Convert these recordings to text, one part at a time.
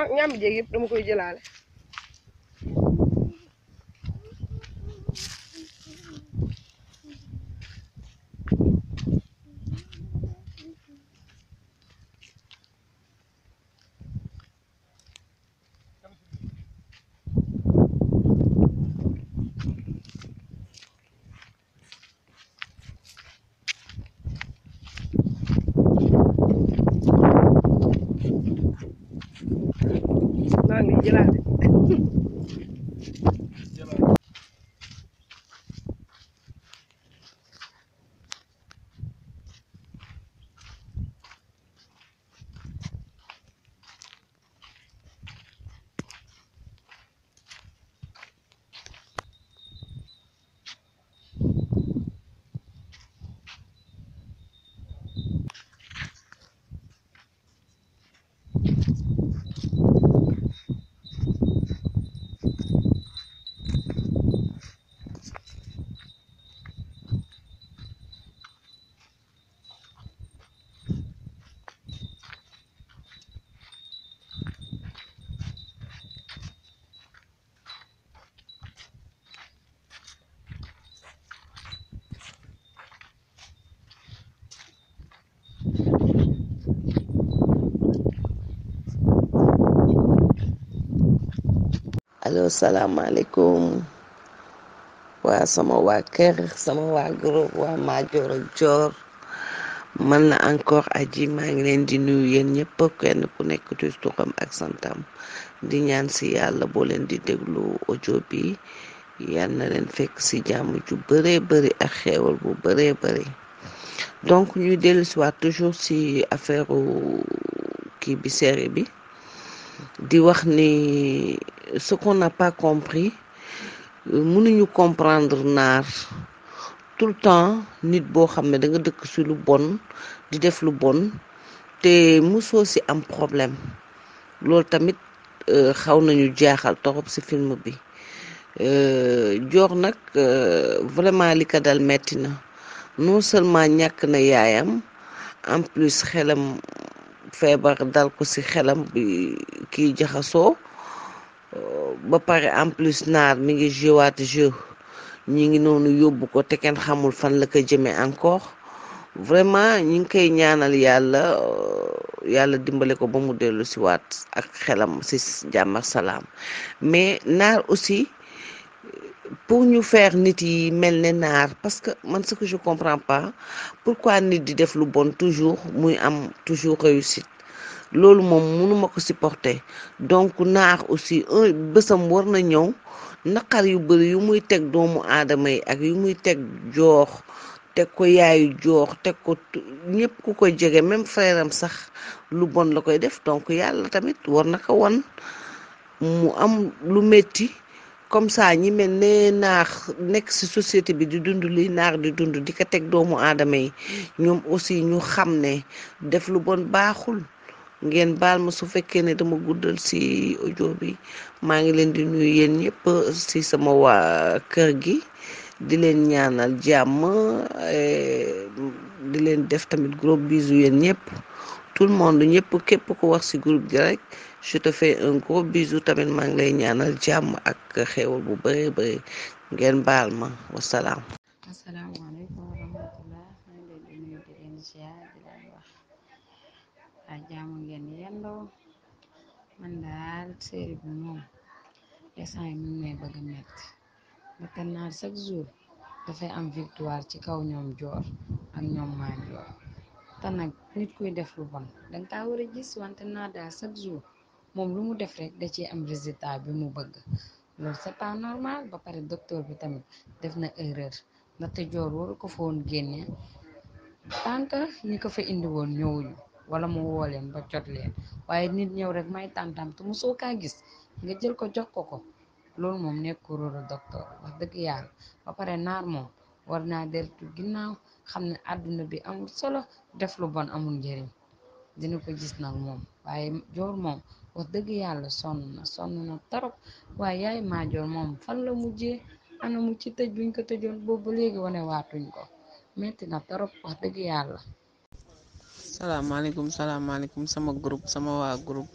ma ñàmbi jéeg yëpp dama koy jëlaale. allo salaamaaleykum waa sama waa kër sama waa groupe waa maajoor ak joor man la encore aji maa ngi leen di nuyu yéen ñëpp kenn ku nekk ci turam ak santam di ñaan si yàlla boo leen di déglu audio bi yal na leen fekk ci jàmm ju bëree bëri ak xeewal bu bëree bëri donc ñuy dellusiwaat toujours si affaire kii bi série bi di wax ni ce qu'on n'a pas compris mënuñu comprendre naar tout le temps nit boo xam ne da nga dëkk ci lu bon di def lu bon te mosoo ci am problème loolu tamit euh, xaw nañu jaaxal torop ci film bi joor euh, nag euh, vraiment li ko dal metti na non seulement ñàkk na yaayam en plus xelam feebar dal ko ci xelam bi kii jaxasoo ba pare en plus naar mi ngi jouaat jeu ñi ngi noonu yóbbu ko te kenn xamul fan la ko jëmee encore vraiment ñi ngi koy ñaanal yàlla yàlla dimbale ko ba mu dellu si waat ak xelam si jàmm salaam mais naar aussi pour ñu faire nit yi mel ne naar parce que man ce que je comprends pas pourquoi nit di def lu bon toujours muy am toujours réussite loolu moom mënuma ko supporter donc naax aussi bësam war na ñëw naqar yu bëri yu muy teg doomu aadama yi ak yu muy teg joox teg ko yaayu joox teg ko ñëpp ku ko jege même frère sax lu bon la koy def donc yàlla tamit war na ko wan mu am lu metti comme saa ñi mel ne naax nekk ci société bi di dund li naax di dund di ko teg doomu aadama yi ñoom aussi ñu xam ne def lu bon baaxul ngeen baal ma su fekkee ne dama guddal ci audio bi maa ngi leen di nuyu yéen ñëpp si sama waa kër gi di leen ñaanal jàmm eh, di leen def tamit gros bisous yéen ñëpp tout le monde ñëpp képp ko wax ci groupe gi rek je te fais un gros bisou tamit maa ngi lay ñaanal jàmm ak xéewal bu bëri bëri ngeen baal ma wa rahmatulah maa ngi leen man daal série bi moom instant yi mu may bëgg a métti bakkan naa chaque jour dafay am victoire ci kaw ñoom joor ak ñoom maa joor te nag nit kuy def lu bon danga kaa war a gis wante naa daal chaque jour moom lu mu def rek da ciy am résultat bi mu bëgg loolu c'est pas normal ba pare docteur bi tamit def na erreur te joor waru ko foon génne tant que ñi ko fa indi woon ñëwuñu wala mu woo leen ba jot leen waaye nit ñëw rek may tàntam te mu soo kaa gis nga jël ko jox ko ko loolu moom nekk ku róoru docteur wax dëgg yàlla ba pare naar moom war naa deltu ginnaaw xam ne àdduna bi amul solo def lu bon amul njëriñ dina ko gis nag moom waaye joor moom wax dëgg yàlla sonn na sonn na torop waaye yaay maajoor moom fan la mujjee anamu ci tëj buñ ko tëjoon boobu léegi wane waatuñ ko metti na torop wax dëgg yàlla salaamaaleykum salaamaaleykum sama groupe sama waa groupe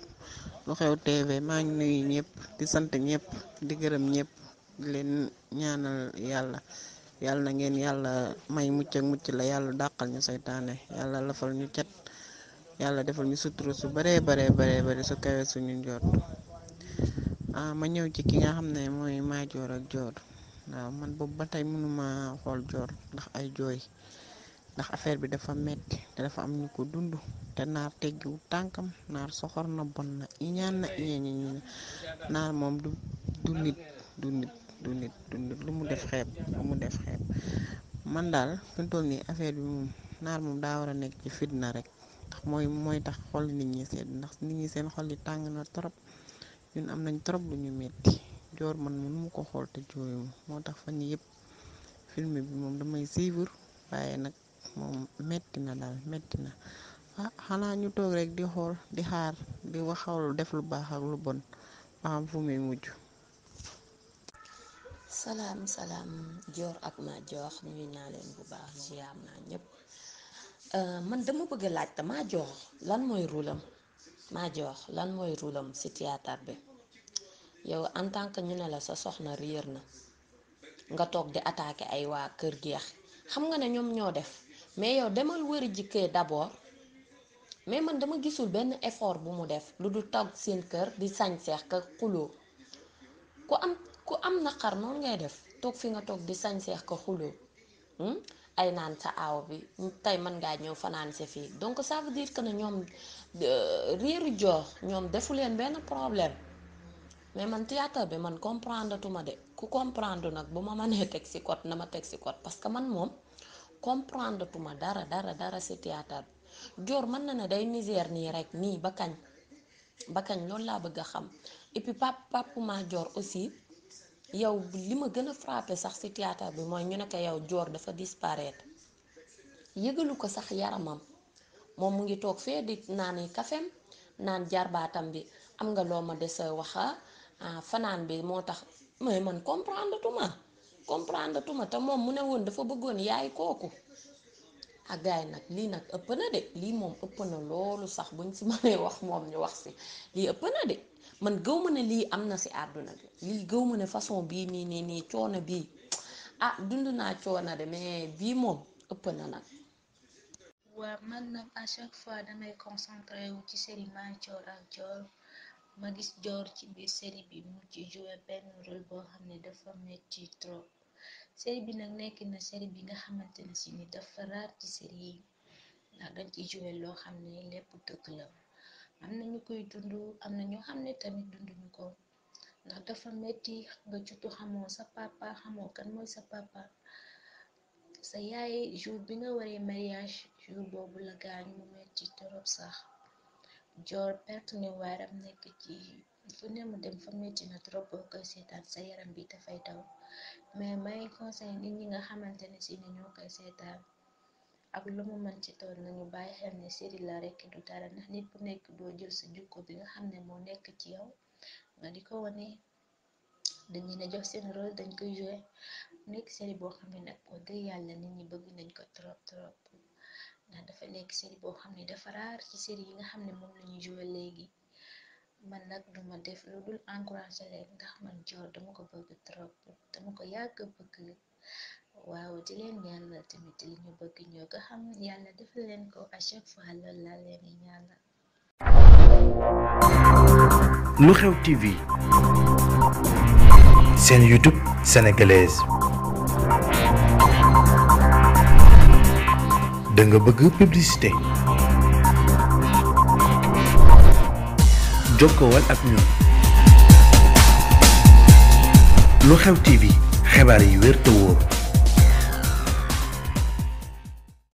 lu xew tv maa ngi nuyu ñëpp di sant ñëpp di gërëm ñépp di leen ñaanal yàlla yàlla na ngeen yàlla may mucc ak mucc la yàlla dàqal ñu seytaane yàlla lafal ñu cet yàlla defal ñu sutura su baree baree baree bare su kawe suñu njort ah ma ñëw ci ki nga xam ne mooy maajoor ak joor waaw man boobu ba tey mënuma xool joor ndax ay jooy ndax affaire bi dafa metti te dafa am ñu ko dund te naar teggiwu tànkam naar soxor na bon na iñaan na iñaan naar moom du nit du nit du nit lu mu def xeeb lu mu def xeeb man daal fi mu toll nii affaire bi moom naar moom daa war a nekk ci fitna rek ndax mooy mooy tax xol nit ñi seen ndax nit ñi seen xol yi tàng na trop ñun am nañ trop lu ñu metti joor man mënu mu ko xool te jooyu moo tax fan yëpp film bi moom damay suivre waaye nag moom metti na daal metti na ah xanaa ñu toog rek di xool di xaar di waxawlu def lu baax ak lu bon ba xam fu muy mujj salaam salaam joor ak ma jox ñuy naa leen bu baax ziar naa ñëpp euh, man dama bëgg a laaj maa jox lan mooy rôlam maa jox lan mooy rôlam ci théâtre bi yow en tant que ñu ne la sa soxna réer na nga toog di attaquer ay waa kër geex xam nga ne ñoom ñoo def mais yow demal wëri jikkee d'abord mais man dama gisul benn effort bu mu def lu du toog seen kër di sañ seex ka xuloo ku am ku am na xar noonu ngay def toog fi nga toog di sañseex ko xuloo hmm? ay naan sa aaw bi tey man ngaa ñëw fanaan si fii donc ça veut dire que ne ñoom euh, réeru joox ñoom defu leen benn problème mais man théâtre bi man comprendatuma de ku comprendre nag bu ma mënee teg si cot na ma teg si code parce que man moom comprendre tuma dara dara dara si théâtre bi joor mën na ne day misère nii rek nii ba kañ ba kañ loolu laa bëgg a xam et puis pap joor aussi yow li ma gën a frappé sax ci théâtre bi mooy ñu ne ko yow joor dafa disparaître yëgalu ko sax yaramam moom mu ngi toog fee di naan kafem naan jarbaatam bi am nga loo ma des a wax ah, ah, fanaan bi moo tax mais man comprendre tuma moom mu ne woon dafa bëggoon yaay kooku ak gaay nag lii nag ëpp na de lii moom ëpp na loolu sax buñ ci mënee wax moom ñu wax ci lii ëpp na de. man gëw ma lii am na si àdduna bi lii gëw ma ne façon bii nii nii nii coono bi ah dund naa coono de mais bii moom ëpp na nag. waaw man nag à chaque fois damay concentré wu ci série Madior ak Dior ma gis joor ci biir série bi mu ci joué benn rôle boo xam ne dafa metti trop série bi nag nekk na série bi nga xamante si ni dafa raar ci série yi ndax dañ ci joué loo xam ne lépp tëkk la. am na ñu koy dund am na ñoo xam ne tamit dunduñu ko ndax dafa metti nga juddu xamoo sa papa xamoo kan mooy sa papa sa yaay jour bi nga waree mariage jour boobu la gaañu mu metti torop sax joor perte ne waaram nekk ci fu ne mu dem fa metti na trop boo koy seetaan sa yaram bi dafay daw mais may conseil nit ñi nga xamante ne si ne ñoo koy seetaan ak lu mu man ci toll nañu bàyyi xel ne série la rekk du tara ndax nit bu nekk doo jël sa jukko bi nga xam ne moo nekk ci yow nga di ko wane dañu ne jox seen dañ koy joué nekk série boo xam ne nag wax dëgg yàlla nit ñi bëgg nañ ko trop trop ndax dafa nekk série boo xam ne dafa raar ci série yi nga xam ne moom la ñuy joué léegi man nag duma def lu dul encouragé leen ndax man joor dama ko bëgg trop dama ko yàgg bëgg waaw di leen ñaanal tamit li ko xam yàlla defal leen lu xew TV seen YouTube sénégalaise da nga bëgg publicité jokkowal ak ñun lu xew TV xibaar yi wér